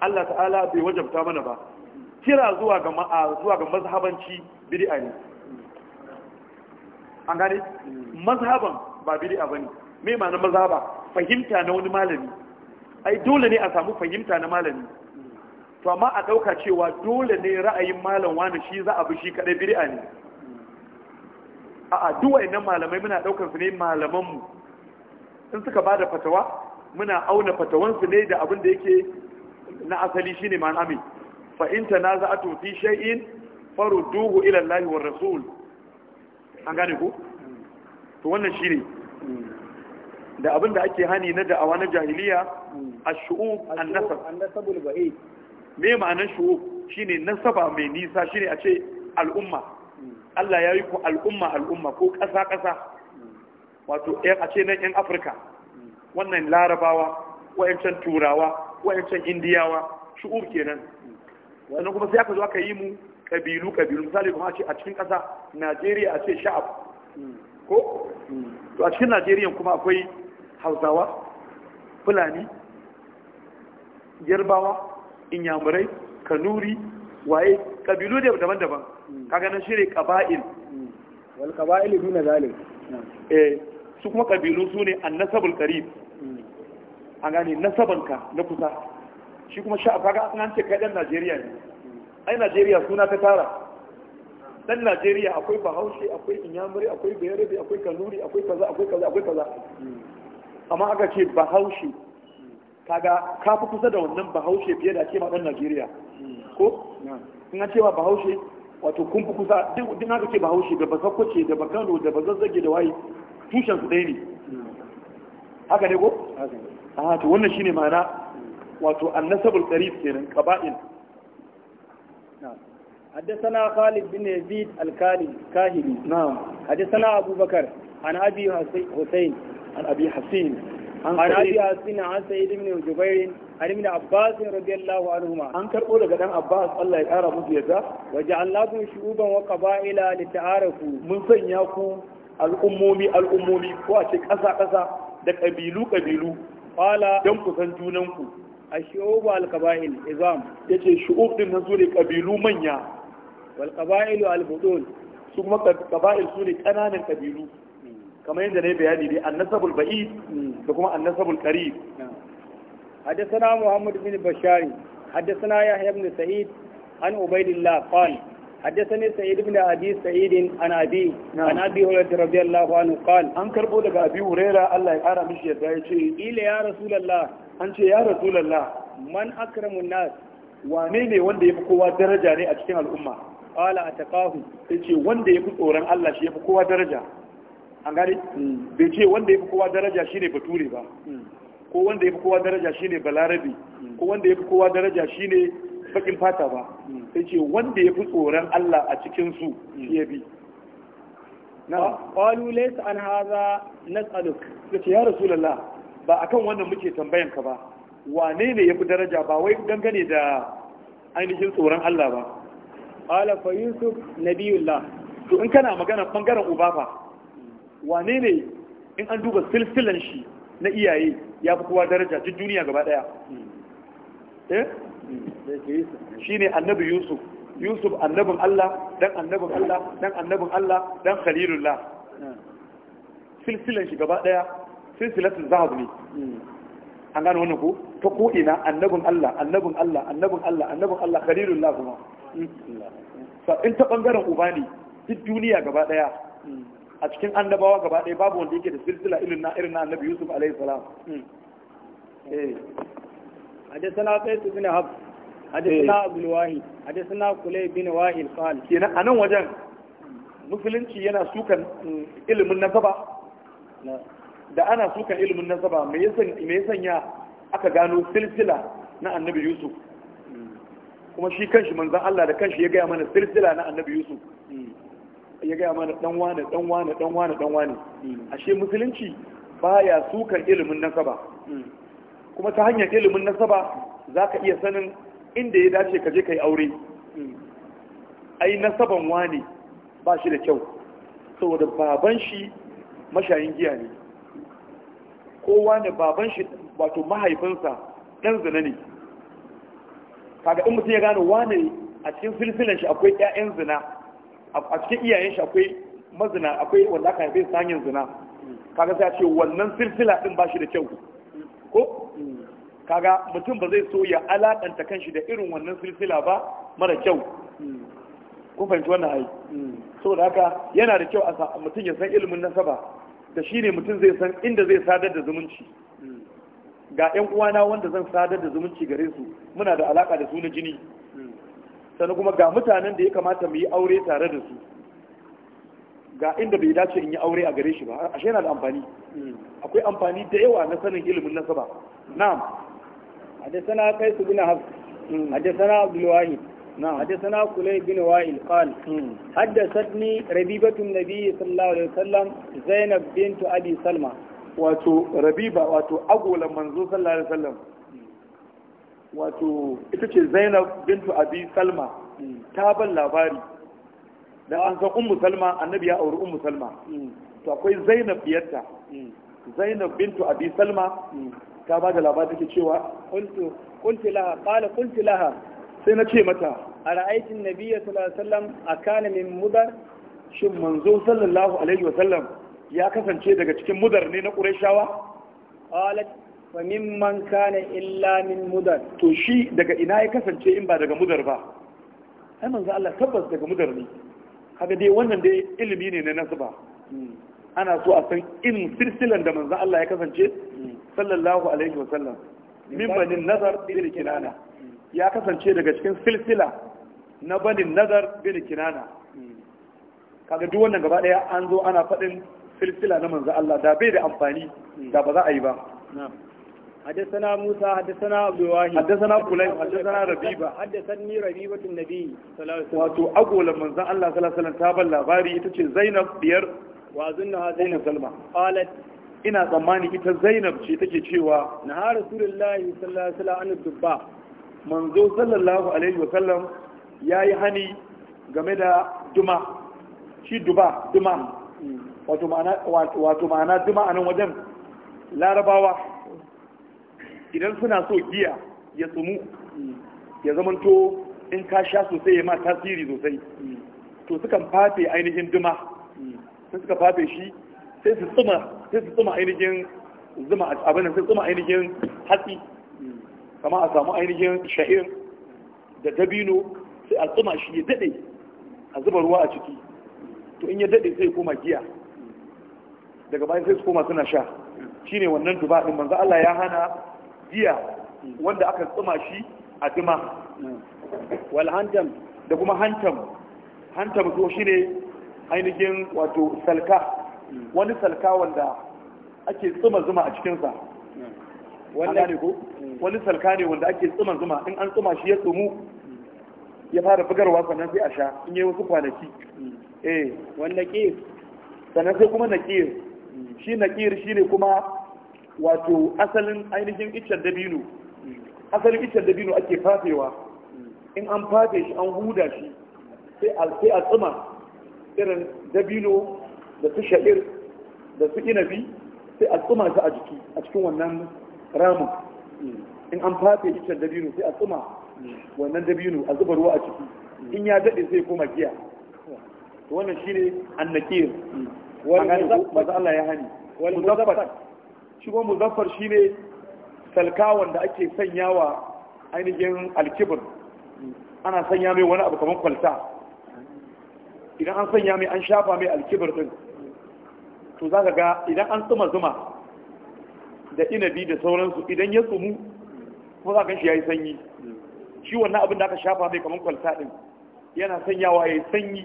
Allah ta'ala bai wajabta mana ba kira zuwa ga zuwa ga mazhabanci bid'a ne an gane mazhaban ba bid'a bane me ma'anar mazhaba fahimta na wani malami ai dole ne a samu fahimta na malami to amma a dauka cewa dole ne ra'ayin malam wani shi za a bi shi kadai bid'a ne a'a duk wayannan malamai muna daukar su ne malaman mu in suka bada fatawa muna auna fatawansu ne da abin da yake na asali shi ne ma'an amin. fa in tanaza'atu fi shay'in farudduhu ila Allah wa rasul an gane ku to wannan shi ne. da abinda ake hani na da'awa na jahiliya A shu'u an-nasab an-nasabul ba'id me ma'anar shu'ub shine nasaba mai nisa shi ne a ce al'umma Allah ya yi ku al'umma al'umma ko ƙasa ƙasa wato a ce na 'yan Afirka wannan larabawa wa'yancan turawa wa'ancan indiyawa shu'ub kenan wannan kuma sai aka zo aka yi mu kabilu kabilu misali kuma a a cikin ƙasa najeriya a ce sha'ab ko to a cikin najeriya kuma akwai hausawa fulani yarbawa inyamurai kanuri waye kabilu da daban-daban kaga nan shire kaba'il wal kaba'il duna zalim eh su kuma kabilu su ne annasabul qarib an gane nasabanka na kusa shi kuma sha kaga an ce kai dan Najeriya ne ai Najeriya suna ta tara dan Najeriya akwai Bahaushe akwai Inyamuri akwai Bayarabe akwai Kanuri akwai kaza akwai kaza akwai kaza amma aka ce Bahaushe kaga ka fi kusa da wannan Bahaushe fiye da ke ma dan Najeriya ko sun an ce ma Bahaushe wato kun fi kusa duk aka ce Bahaushe da Basakwace da kano, da zazzage da waye tushen su ɗaya ne haka ne ko a ah, hatu wannan shine mana wato annasabul qarib kenan qaba'il na hadathana khalid bin Alkali, al-kali kahili na'am hadathana abubakar an abi husayn an abi hasin an abi an sayyid ibn jubayr an ibn abbas radiyallahu anhuma an karɓo daga dan abbas Allah ya kara musu yadda wa ja'alnakum shu'uban wa qaba'ila lita'arafu mun sanya ku al'ummomi al'ummomi ko a ce kasa kasa da kabilu kabilu qala don ku san junanku ashu'ub al qaba'il izam Ya shu'ub din nan sune kabilu manya wal qaba'il al budul su kuma su sune kananan kabilu kamar yadda yi bayani dai annasabul ba'id da kuma annasabul qarib حدثنا محمد bin bashari حدثنا ya بن سعيد عن عبيد الله قال حدثني سعيد بن ابي سعيد عن ابي نعم. عن ابي هريره رضي الله عنه قال ان كربو دغ ابي هريره الله يقرا مشي يدا يجي الى يا رسول الله ان يا رسول الله من اكرم الناس wane ne wanda ya fi kowa daraja ne a cikin al'umma ƙala a taƙahu sai wanda ya fi tsoron Allah shi ya fi kowa daraja A gane bai ce wanda ya fi kowa daraja shi bature ba ko wanda ya fi kowa daraja shi balarabi ko wanda ya fi kowa daraja shi bakin fata ba sai ce wanda ya fi tsoron Allah a cikin su ya bi na qalu laysa an hadha nas'aluk sai ya rasulullah ba akan wannan muke tambayan ka ba wane ne ya fi daraja ba wai dangane da ainihin tsoron Allah ba qala fa yusuf nabiyullah to in kana magana bangaren uba fa wane ne in an duba silsilan shi na iyaye ya fi kowa daraja duk duniya gaba ɗaya? Hmm. eh ne annabi yusuf yusuf annabin allah dan annabin allah dan annabin allah dan khalilullah silsilan shi gaba daya silsilatul zahab ne an gano wannan ko ta ko ina annabin allah annabin allah annabin allah annabin allah khalilullah kuma sa in ta bangaren uba ne duk duniya gaba daya a cikin annabawa gaba daya babu wanda yake da silsila irin na irin na annabi yusuf alaihi salam eh. حدثنا قيس بن عبد حدثنا ابو الواهي حدثنا كلي بن واهي قال كنا انا وجن musulunci yana sukan ilimin nasaba da ana sukan ilimin nasaba me ya sanya aka gano silsila na annabi yusuf kuma shi kanshi manzan Allah da kanshi ya gaya mana silsila na annabi yusuf ya gaya mana dan wane dan wane dan wane dan wane ashe musulunci baya sukan ilimin nasaba kuma ta hanyar ilimin nasaba za ka iya sanin inda ya dace ka je ka yi aure ai nasaban wani ba shi da kyau saboda baban shi mashayin giya ne kowa ne baban shi wato mahaifinsa ɗan zina ne kaga in mutum ya gano wane a cikin silsilan shi akwai 'ya'yan zina a cikin iyayen shi akwai mazina akwai wanda aka haife sanyin hanyar zina kaga sai a ce wannan silsila ɗin ba shi da kyau ko kaga mutum ba zai so ya alakanta kanshi da irin wannan silsila ba mara kyau kun fahimci wannan ai saboda haka yana da kyau a sa mutum ya san ilimin nasaba da shi ne mutum zai san inda zai sadar da zumunci ga 'yan uwana wanda zan sadar da zumunci gare su muna da alaka da su na jini sannan kuma ga mutanen da ya kamata mu yi aure tare da su ga inda bai dace in yi aure a gare shi ba ashe yana da amfani akwai amfani da yawa na sanin ilimin nasa ba na'am hadisana kai su guna haf hmm. hadisana abdul wahid na'am hadisana kulay Hadda sadni qal hmm. haddathani na nabi sallallahu alaihi wasallam zainab bintu abi salma wato rabiba wato agolan manzo sallallahu alaihi wasallam wato ita ce zainab bintu abi salma hmm. ta ban labari Da an san ummu salma annabi ya auri ummu salma mm. to akwai zainab biyarta mm. zainab bintu abi salma mm. ta ba da labarin take cewa qultu qultu laha qala qultu laha sai na ce mata ara'aytin nabiyya sallallahu alaihi wasallam akana min mudar shin manzo sallallahu alaihi wasallam ya kasance daga cikin mudar ne na qurayshawa qalat wa mimman kana illa min mudar to shi daga ina ya kasance in ba daga mudar ba ai manzo Allah tabbas daga mudar ne kaga dai wannan dai ilimi ne na nasaba ana so a san ilimin silsilan da manzon Allah ya kasance sallallahu alaihi wa sallam min banin nazar bin kinana ya kasance daga cikin silsila na banin nazar bin kinana kaga duk wannan gaba daya an zo ana faɗin silsila na manzon Allah da bai da amfani da ba za a yi ba حدثنا موسى حدثنا عبد الواحد حدثنا فلان حدثنا ربيبة حدثني ربيبة النبي صلى الله عليه وسلم واتو أقول من الله صلى الله عليه وسلم تاب الله غاري تشي زينب بير وأظنها زينب قالت ina tsammani ita Zainab ce take cewa na har sallallahu alaihi wasallam an dubba manzo hani game da duma shi duba duma ma'ana wato ma'ana duma anan wajen larabawa idan suna so giya ya tsumu ya zamanto in ka sha sosai ya ma tasiri sosai to sukan fafe ainihin duma sai suka fafe shi sai su tsuma sai su tsuma ainihin zuma abin sai tsuma ainihin hatsi kama a samu ainihin sha'ir da dabino sai a tsuma shi ya daɗe a zuba ruwa a ciki to in ya daɗe sai koma giya daga bayan sai su koma suna sha shine wannan duba din manzo Allah ya hana giya wanda aka tsuma shi a duma wal hantam da kuma hantam hantam shi shine ainihin wato salka wani salka wanda ake tsuma zuma a cikinsa wani salka ne wanda ake tsuma zuma in an tsuma shi ya tsumu ya fara bugarwa sannan sai a sha in yi wasu kwanaki eh wani ke sannan sai kuma nakir shi nakir shi ne kuma wato asalin ainihin iccen dabino asalin iccen dabino ake fafewa in an fafe shi an huda shi sai a tsima irin dabino da su sha'ir da su inabi sai a tsima su a jiki a cikin wannan ramin in an fafe iccen dabino sai a tsima wannan dabino a zuba ruwa a ciki in ya daɗe sai koma giya wannan ne annakir wani maza shi muzaffar shi ne salkawan da ake sanyawa ainihin alkibir ana sanya mai wani abu kamar kwalta idan an sanya mai an shafa mai alkibir din to za ka ga idan an tsuma zuma da inabi da sauransu idan ya tsumu ko za ka shi ya yi sanyi shi wannan abin da aka shafa mai kamar kwalta din yana sanyawa ya yi sanyi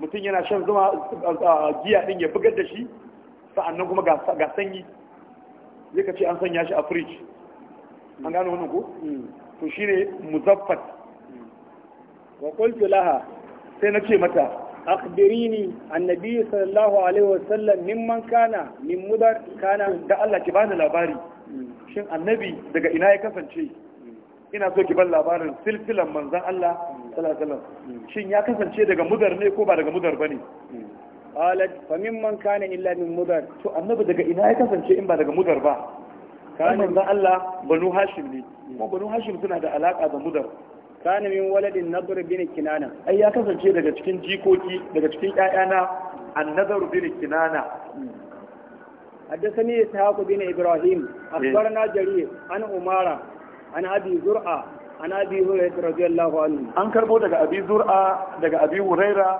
mutum yana shan zuma a giya din ya bugar da shi sa'annan kuma ga sanyi zai ka ce an sanya shi a fridge an gano wannan ko hmm. to shine muzaffat wa qultu laha sai na ce mata akhbirini annabi sallallahu alaihi wasallam mimman kana min mudar kana da Allah ki bani labari hmm. shin annabi daga ina ya kasance hmm. ina so ki ban labarin silsilan manzon Allah sallallahu alaihi wasallam shin ya kasance daga mudar ne ko ba daga mudar bane qalat fa mimman kana illa min mudar to annabi daga ina ya kasance in ba daga mudar ba kana da Allah بنو هاشم ne kuma banu hashim suna da alaka da mudar kana min waladin nadr bin kinana ai ya kasance daga cikin jikoki daga cikin ƴaƴana annadar bin kinana حدثني إسحاق بن إبراهيم أخبرنا جرير عن أمارة عن أبي زرعة عن أبي هريرة رضي الله عنه أنكر بو دقى أبي زرعة دقى أبي هريرة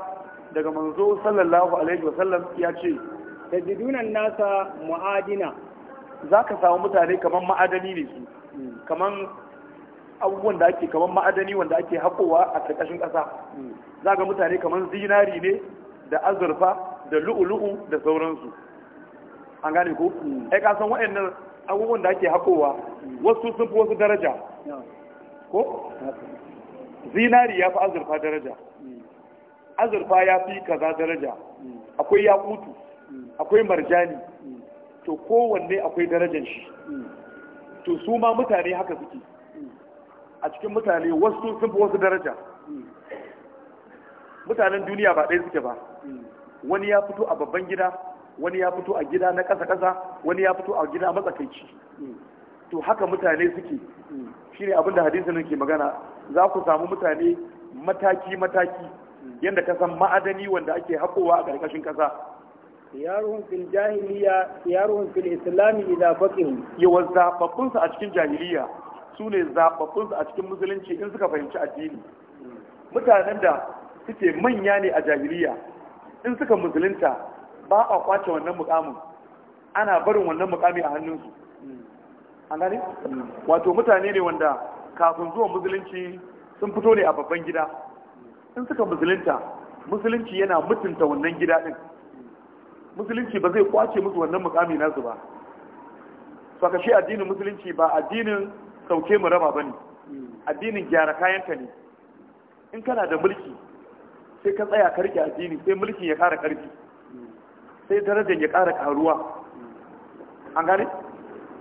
daga manzo sallallahu alaihi wasallam ya ce tajidunan nasa mu'adina za ka samu mutane kamar ma'adani ne su kamar abubuwan da ake kamar ma'adani wanda ake haƙowa a ƙarƙashin ƙasa za ga mutane kamar zinari ne da azurfa da lu'ulu'u da sauransu an gane ko ai ka san waɗannan abubuwan da ake haƙowa wasu sun fi wasu daraja ko zinari ya fi azurfa daraja azurfa ya fi kaza daraja akwai yakutu akwai marjani to kowanne akwai darajar shi to su ma mutane haka suke a cikin mutane wasu sun fi wasu daraja mutanen duniya ba ɗaya suke ba wani ya fito a babban gida wani ya fito a gida na ƙasa-ƙasa wani ya fito a gida matsakaici to haka mutane suke shine abin da hadisin ke magana za ku samu mutane mataki-mataki yanda ka san ma'adani wanda ake haƙowa a ƙarƙashin ƙasa yaruhun fil jahiliya yaruhun fil islami idza faƙin yawa zababbun su a cikin jahiliya su ne su a cikin musulunci in suka fahimci addini mutanen da suke manya ne a jahiliya in suka musulunta ba a kwace wannan mukamin ana barin wannan mukami a hannunsu an gane hmm. wato mutane ne wanda kafin zuwa musulunci sun fito ne a babban gida in suka musulunta musulunci yana mutunta wannan gida din musulunci ba zai kwace musu wannan mukami nasu ba to shi addinin musulunci ba addinin sauke mu raba bane addinin gyara kayanka ne in kana da mulki sai ka tsaya karki addini sai mulkin ya kara karfi sai darajar ya kara karuwa an gane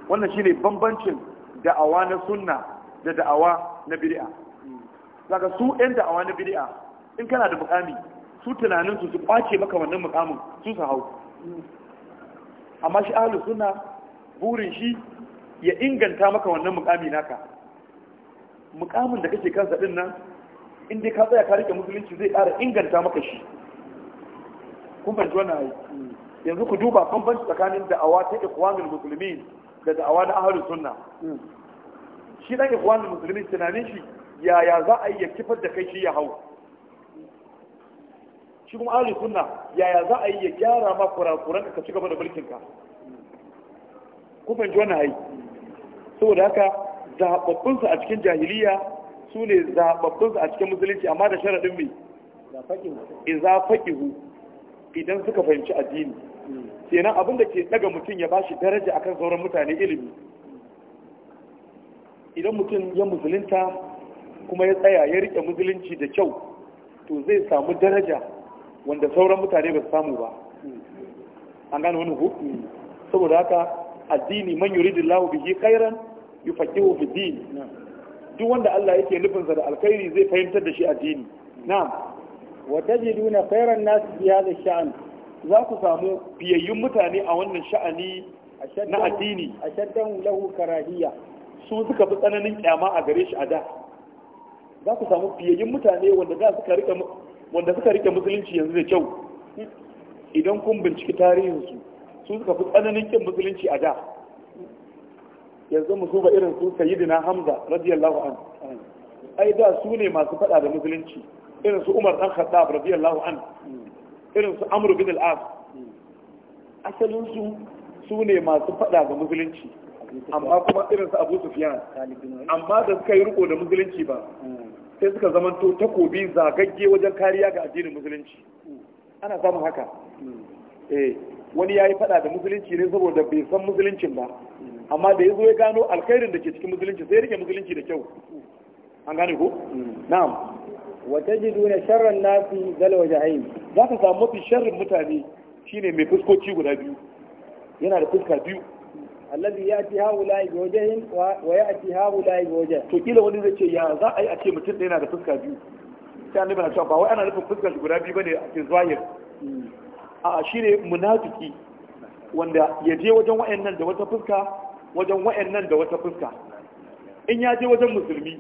wannan shine bambancin da'awa na sunna da da'awa na bid'a daga su yan da a wani bid'a in kana da mukami su tunanin su su kwace maka wannan mukamin su su hau amma shi ahlu suna, burin shi ya inganta maka wannan mukami naka mukamin da kake kansa din nan in dai ka tsaya ka rike musulunci zai ƙara inganta maka shi kun fahimci wannan yanzu ku duba bambanci tsakanin da'awa ta ikhwanul muslimin da da'awa na ahlus sunna hmm. shi dan ikhwanul muslimin tunanin shi yaya za a yi ya kifar da kai shi ya hau shi kuma ahli sunna yaya za a yi ya gyara ma kurakuran ka ci gaba da mulkin ka ku ji wannan hayi saboda haka zababbun su a cikin jahiliya su ne zababbun su a cikin musulunci amma da sharadin mai Iza faqihu idan suka fahimci addini kenan abin da ke daga mutum ya bashi daraja akan sauran mutane ilimi idan mutum ya musulunta kuma ya tsaya ya rike musulunci da kyau to zai samu daraja wanda sauran mutane ba su samu ba an gane wani ku saboda haka addini man lahu bihi khairan yufaqihu fi din duk wanda Allah yake nufinsa da alkhairi zai fahimtar da shi addini na'am wa tajiduna khairan nas bi hadha sha'an za ku samu biyayyun mutane a wannan sha'ani na addini ashaddan lahu karahiya su suka fi tsananin kyama a gare shi a da za ku samu fiyayyin mutane wanda suka rike musulunci yanzu da kyau idan kun binciki tarihinsu su suka fi tsananin kin musulunci a da yanzu mu ba irin su sayyidina hamza radiyallahu an ai da su ne masu fada da musulunci irin su umar dan khattab radiyallahu an irin su amr bin al-as asalin su su ne masu fada da musulunci amma kuma irin su Abu Sufyan amma da suka yi riko da musulunci ba sai suka zamanto takobi zagagge wajen kariya ga addinin musulunci ana samun haka eh wani yayi fada da musulunci ne saboda bai san musuluncin ba amma da yazo ya gano alkhairin da ke cikin musulunci sai ya rike musulunci da kyau an gane ko na'am wa tajiduna sharran nasi zal wajhain zaka samu mafi sharrin mutane shine mai fuskoci guda biyu yana da fuska biyu alladhi yati haula bi wajhin wa yati haula bi wajhin to kila wani zai ce ya za a yi a ce mutum da yana da fuska biyu sai annabi na cewa ba wai ana nufin fuskar guda biyu bane a cikin zahir hmm. a shine munafiki wanda ya je wajen wayannan da wata fuska wajen wayannan da wata fuska in ya je wajen musulmi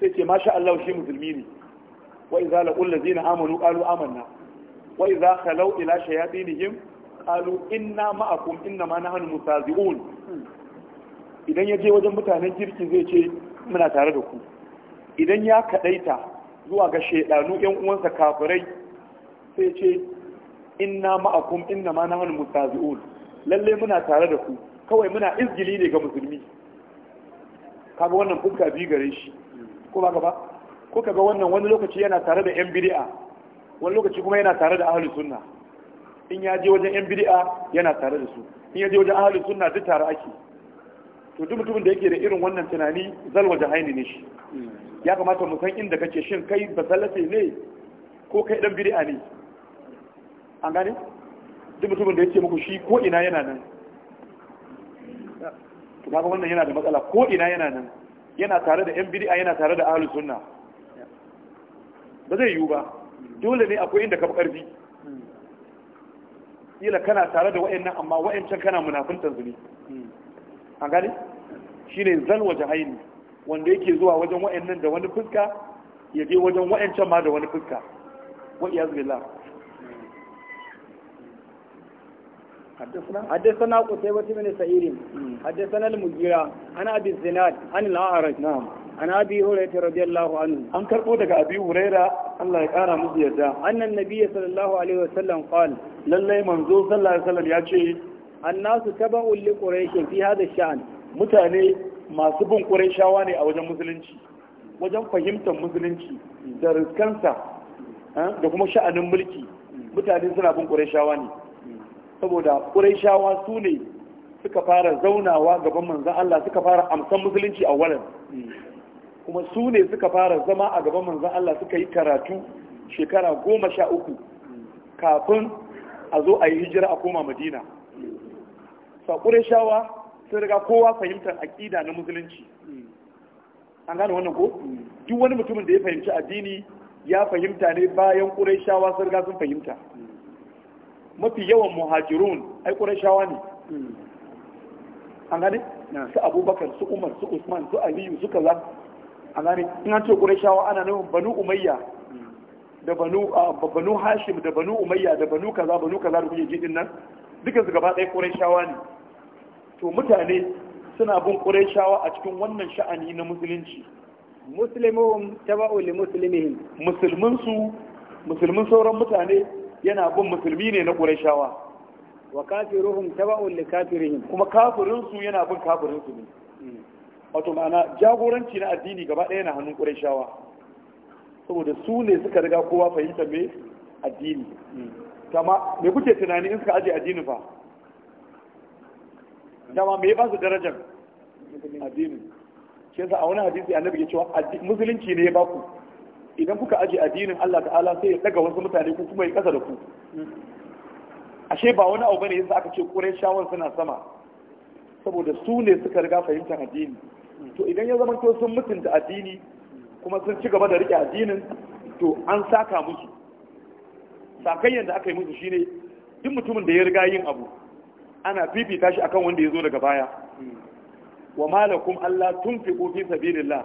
sai ce masha Allah shi musulmi ne wa idza laqul ladina amanu qalu amanna wa idza khalau ila shayatinihim qalu inna ma'akum inna ma nahnu mutazi'un idan ya je wajen mutanen kirki zai ce muna tare da ku idan ya kadaita zuwa ga shedanu yan uwansa kafirai sai ce inna ma'akum inna ma nahnu mutazi'un lalle muna tare da ku kawai muna izgili ne ga musulmi kaga wannan fuska biyu gare shi ko ba ba ko kaga wannan wani lokaci yana tare da yan bid'a wani lokaci kuma yana tare da ahlus sunna in ya je wajen yan bid'a yana tare da su in ya je wajen ahalin sunna duk tare ake to duk mutumin da yake da irin wannan tunani zalwa haini ne shi ya kamata mu san inda kake shin kai basalace ne ko kai dan bid'a ne an gane duk mutumin da yake muku shi ko ina yana nan to kaga wannan yana da matsala ko ina yana nan yana tare da yan bid'a yana tare da ahalin sunna ba zai yiwu ba dole ne akwai inda ka fi karfi kila kana tare da wa'annan amma wa'ancan kana munafuntan su A an gane shine zan waje haini wanda yake zuwa wajen wa'annan da wani fuska ya wajen wa'ancan ma da wani fuska wa iyaz حدثنا قتيبة بن سعيد حدثنا المجيرة عن أبي الزناد عن الأعرج نعم عن أبي هريرة رضي الله عنه أن كربو أبي هريرة الله يقارى مزيدا أن النبي صلى الله عليه وسلم قال lallai manzo sallallahu alaihi wasallam ya ce annasu taba'ul li quraish fi hada sha'an mutane masu bin quraishawa ne a wajen musulunci wajen fahimtar musulunci da riskansa da kuma sha'anin mulki mutane suna bin quraishawa ne saboda quraishawa su ne suka fara zaunawa gaban manzon Allah suka fara amsan musulunci a walan kuma su ne suka fara zama a gaban manzon Allah suka yi karatu shekara goma sha uku kafin a zo a yi hijira a koma madina saƙure shawa sun riga kowa fahimtar aƙida na musulunci an gane wannan ko duk wani mutumin da ya fahimci addini ya fahimta ne bayan shawa sun riga sun fahimta mafi yawan muhajirun ai shawa ne an gane su abubakar su umar su usman su aliyu su kaza an gane in an ce shawa ana nufin banu umayya da banu banu hashim da banu umayya da banu kaza banu kaza da kuke ji din nan dukan su gaba ɗaya qurayshawa ne to mutane suna bin qurayshawa a cikin wannan sha'ani na musulunci muslimuhum taba'u li muslimihim musulmin su musulmin sauran mutane yana bin musulmi ne na qurayshawa wa kafiruhum taba'u li kafirihim kuma kafirin su yana bin kafirin su ne mm. wato ma'ana jagoranci na addini gaba ɗaya na hannun qurayshawa saboda su ne suka riga kowa fahimta mai addini kama me kuke tunani in suka aje addini fa dama me ba su darajar addini shi yasa a wani hadisi annabi ya cewa musulunci ne ya baku idan kuka aje addinin Allah ta'ala sai ya daga wasu mutane ku kuma ya kasa da ku ashe ba wani abu bane yasa aka ce shawar suna sama saboda su ne suka riga fahimtar addini to idan ya zama to sun mutunta addini kuma sun ci gaba da rike addinin to an saka musu sakayyar da aka yi musu shine duk mutumin da ya riga yin abu ana fifita shi akan wanda ya zo daga baya wa malakum Allah tunfiqu fi sabilillah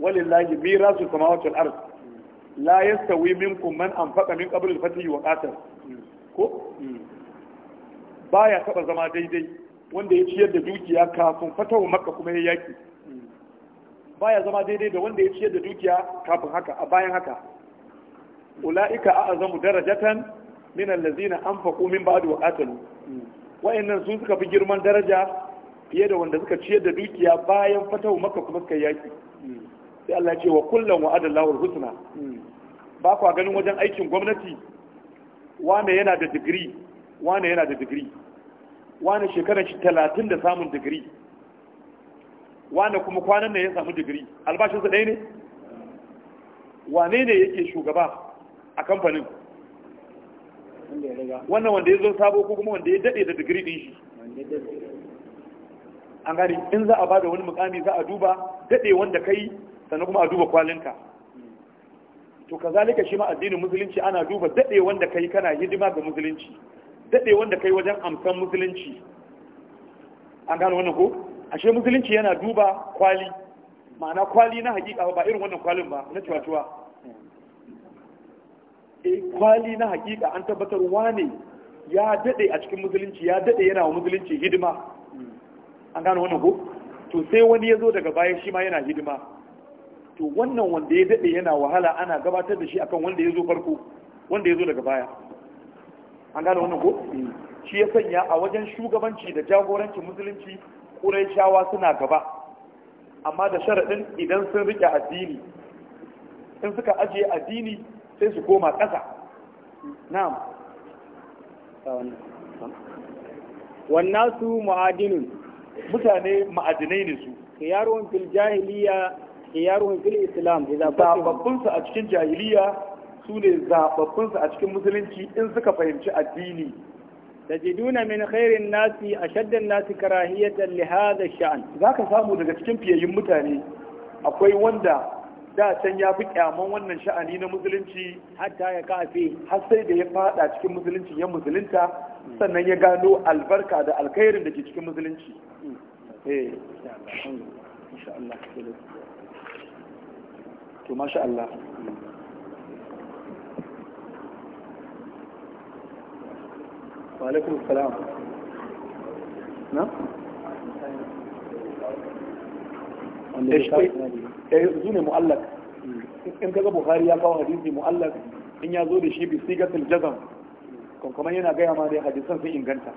walillahi mirasu samawati wal ard la yastawi minkum man anfaqa min qabl al-fath wa qatal ko baya taba zama daidai wanda ya ciyar da dukiya kafin fatawa makka kuma ya yaki baya zama daidai da wanda ya ciyar da dukiya kafin haka a bayan haka ula'ika azamu darajatan min allazina anfaqu min ba'd wa qatalu wa'annan sun suka fi girman daraja fiye da wanda suka ciyar da dukiya bayan fatahu maka kuma suka yaki sai Allah ce wa kullum wa adallahu husna ba kwa ganin wajen aikin gwamnati wane yana da digiri wane yana da digiri wane shekarar shi talatin da samun digiri wanda kuma kwanan ne ya samu digiri albashinsa ɗaya ne wane ne yake shugaba a kamfanin wannan wanda ya zo sabo ko kuma wanda ya daɗe da digiri ɗin shi an gani in za a ba da wani mukami za a duba daɗe wanda kai sannan kuma a duba kwalinka to kazalika shi ma addinin musulunci ana duba daɗe wanda kai kana hidima ga musulunci daɗe wanda kai wajen amsan musulunci an gano wannan ko ashe musulunci yana duba kwali ma'ana kwali na hakika ba irin wannan kwalin ba na cewa e eh, kwali na hakika an tabbatar wane ya dade a cikin musulunci ya dade yana wa musulunci hidima an gano wannan ko to sai wani ya zo daga baya shi ma yana hidima to wannan wanda ya dade yana wahala ana gabatar da shi akan wanda ya zo farko wanda ya zo daga baya an gano wannan ko hmm. shi ya sanya a wajen shugabanci da jagorancin musulunci ƙuraishawa suna gaba amma da sharaɗin idan sun riƙe addini in suka ajiye addini sai su koma ƙasa na'am wannan su ma'adinin mutane ma'adinai ne su Yaron fil jahiliya yaron fil islam Zaɓaɓɓunsu a cikin jahiliya su ne zaɓaɓɓunsu a cikin musulunci in suka fahimci addini tajiduna min khairin nasi ashaddan nasi karahiyatan li hadha sha'an zaka samu daga cikin fiyayyun mutane akwai wanda da can ya fi kyaman wannan sha'ani na musulunci hatta ya kafe har sai da ya fada cikin musulunci ya musulunta sannan ya gano albarka da alkhairin da ke cikin musulunci eh to masha Allah وعليكم السلام salam na eh, eh, su ne mu'allak in kaga buhari ya kawo hadisi mu'allak in ya zo da shi yana gaya ma dai hadisan sun inganta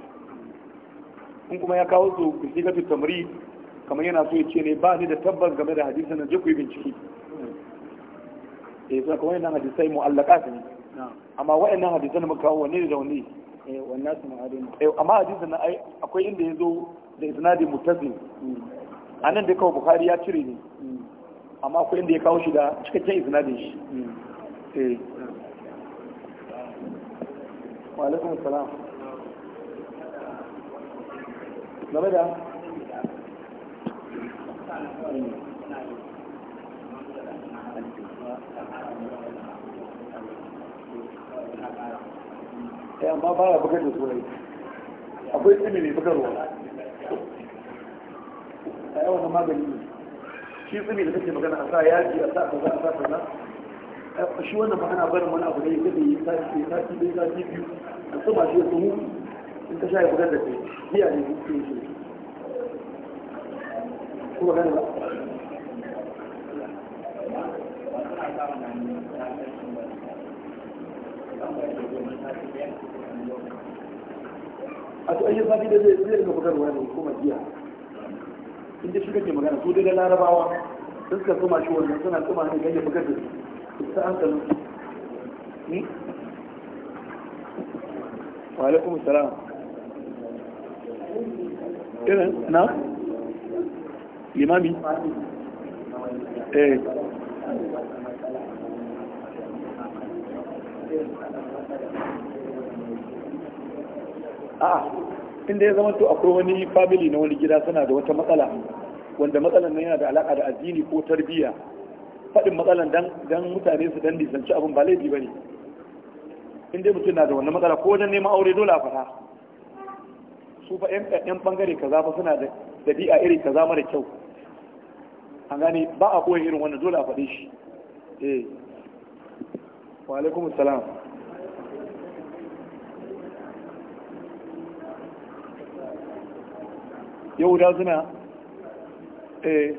in kuma ya kawo su bi sigatul kamar yana so ya ce ne ba ni da tabbas game da hadisan nan je ku yi bincike eh sai kuma yana hadisai mu'allaqat ne amma wa'annan hadisan muka kawo ne da wani. Eh, eh, amma hadisin na akwai inda ya zo da isnadi mutasil a nan da kawo bukhari ya cire ne hmm. amma akwai inda ya kawo shi da cikakken isnadin shi hmm. eh. wa alaikum salam game da hmm. ya amma bugar da akwai tsimi mai bugarwa a yawan magani ne shi tsimi da kake magana a sa yaji a sa kaza a sa kaza shi wannan magana barin wani abu ne ya yi sati sati bai sati biyu da tsuma shi ya tsumu in ka sha ya bugar da kai biya ne ke shi kuma gani ba a to ayyar zafi da zai zai ga fitarwa ne kuma jiya in dai shi kake magana su dai da larabawa sun suka tsuma shi wannan suna tsuma ne ganin fitar da su ta hankalin wa alaikum salam irin na limami eh a'a inda ya zama to akwai wani family na wani gida suna da wata matsala wanda matsalan nan yana da alaka da addini ko tarbiyya faɗin matsalan dan mutane su dan nisanci abin ba laifi ne inda ya mutum na da wannan matsala ko wajen neman aure dole a faɗa su fa yan ɓangare ka zafa suna da ɗabi'a iri kaza mara kyau an gane ba a koyar irin wannan dole a faɗe shi eh wa alaikum assalam yahuda suna eh.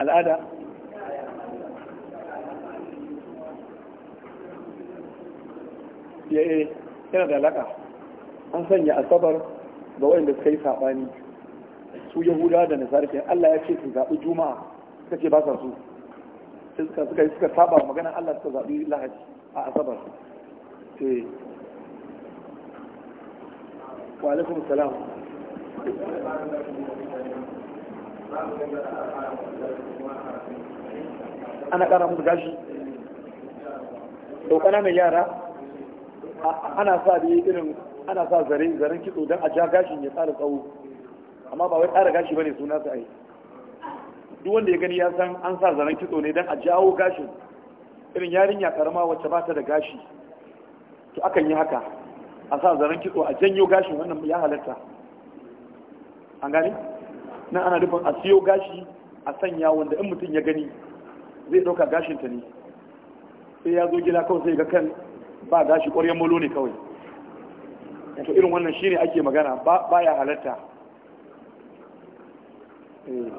al'ada ya eh, yana da alaka an sanya asabar ga waɗanda suka yi saɓani su yahuda da nasara ke allah ya ce su zaɓi juma'a suka ce ba sa su suka suka saba magana allah suka zaɓi lahadi a asabar Eh. wa السلام salam ana kara gashi dokana mai yara ana sa zaren kitso don a ja gashin ya tsara tsawo amma ba wai tsara gashi suna ya gani ya san an sa zaren kitso ne don a jawo gashin irin yarinya karama wacce ba ta da gashi to akan yi haka a sa zaren kitso a janyo gashin wannan ya halatta an gane nan ana nufin a siyo gashi a sanya wanda in mutum ya gani zai ɗauka gashin ta ne sai ya zo gida kawai sai ga kan ba gashi ƙwaryen molo ne kawai to irin wannan shi ne ake magana ba ya halatta eh.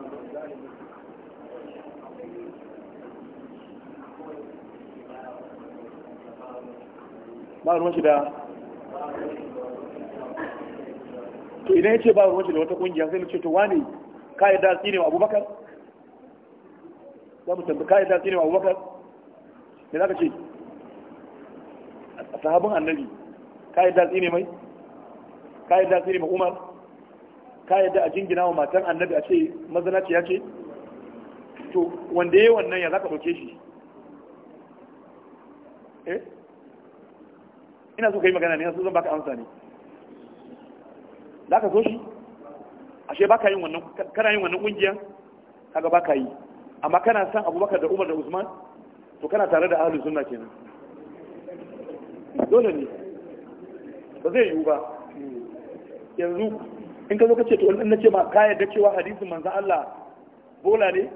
ba ruwan shi da to idan ya ce ba ruwan shi da wata kungiya sai ce to wani ka da dasi wa abubakar za mu tambi ka da dasi wa abubakar da za ka ce a sahabin annabi ka da dasi ne mai ka yi dasi ma umar ka da a jingina wa matan annabi a ce mazalaci ya ce to wanda ya yi wannan ya za ka ɗauke shi eh ina so ka yi magana ne na so zan baka amsa ne za ka so shi ashe baka yin wannan kana yin wannan kungiya kaga baka yi amma kana san abubakar da umar da usman to kana tare da ahlus sunna kenan dole ne ba zai yiwu ba yanzu in ka zo ka ce to in na ce ma ka yarda cewa hadisin manzo Allah bola ne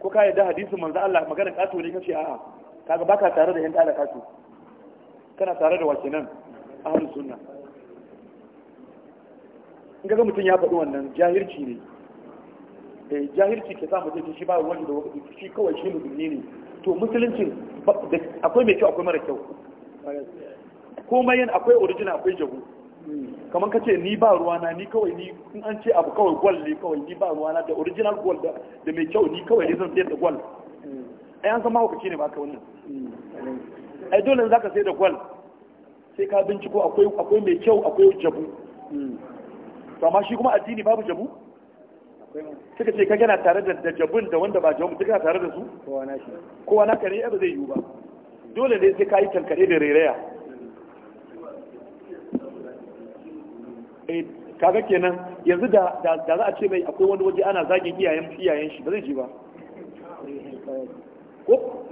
ko ka yarda hadisin manzo Allah maganar kato ne kace a'a kaga baka tare da yan dalaka kato kana tare da wake nan ahlus sunna in ga mutum ya faɗi wannan jahirci ne eh jahirci ke sa mutum shi ba wani da shi kawai shi musulmi ne to musulunci akwai mai kyau akwai mara kyau komai yin akwai orijina, akwai jago kamar ka ce ni ba ruwana ni kawai ni in an ce abu kawai gwal ne kawai ni ba ruwana da original gwal da mai kyau ni kawai ne zan sayar da gwal a an san mahaukaci ne ba ka wannan ai dole za ka sai da gwal sai ka binciko akwai mai kyau akwai jabu hmm. amma shi kuma addini babu jabu suka ce ka na tare da jabun da wanda ba jabu duka tare da su kowa na kare ba zai yiwu ba dole ne sai ka yi tankare da rairaya eh, kaga kenan yanzu da za a ce mai akwai wani waje ana zagin iyayen iyayen shi ba zai ji ba ko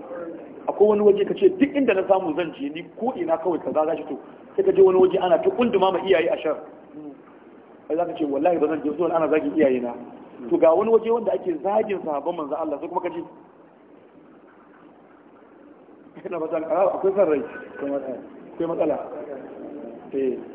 akwai wani waje ka ce duk inda na samu zan je ni ko ina kawai kaza zaga shi to sai ka je wani waje ana ta kunduma ma iyaye a shar sai za ka ce wallahi ba zan je zuwa ana zagin iyaye na to ga wani waje wanda ake zagin sahabban manzo Allah sai kuma ka je kana ba akwai san rai akwai matsala eh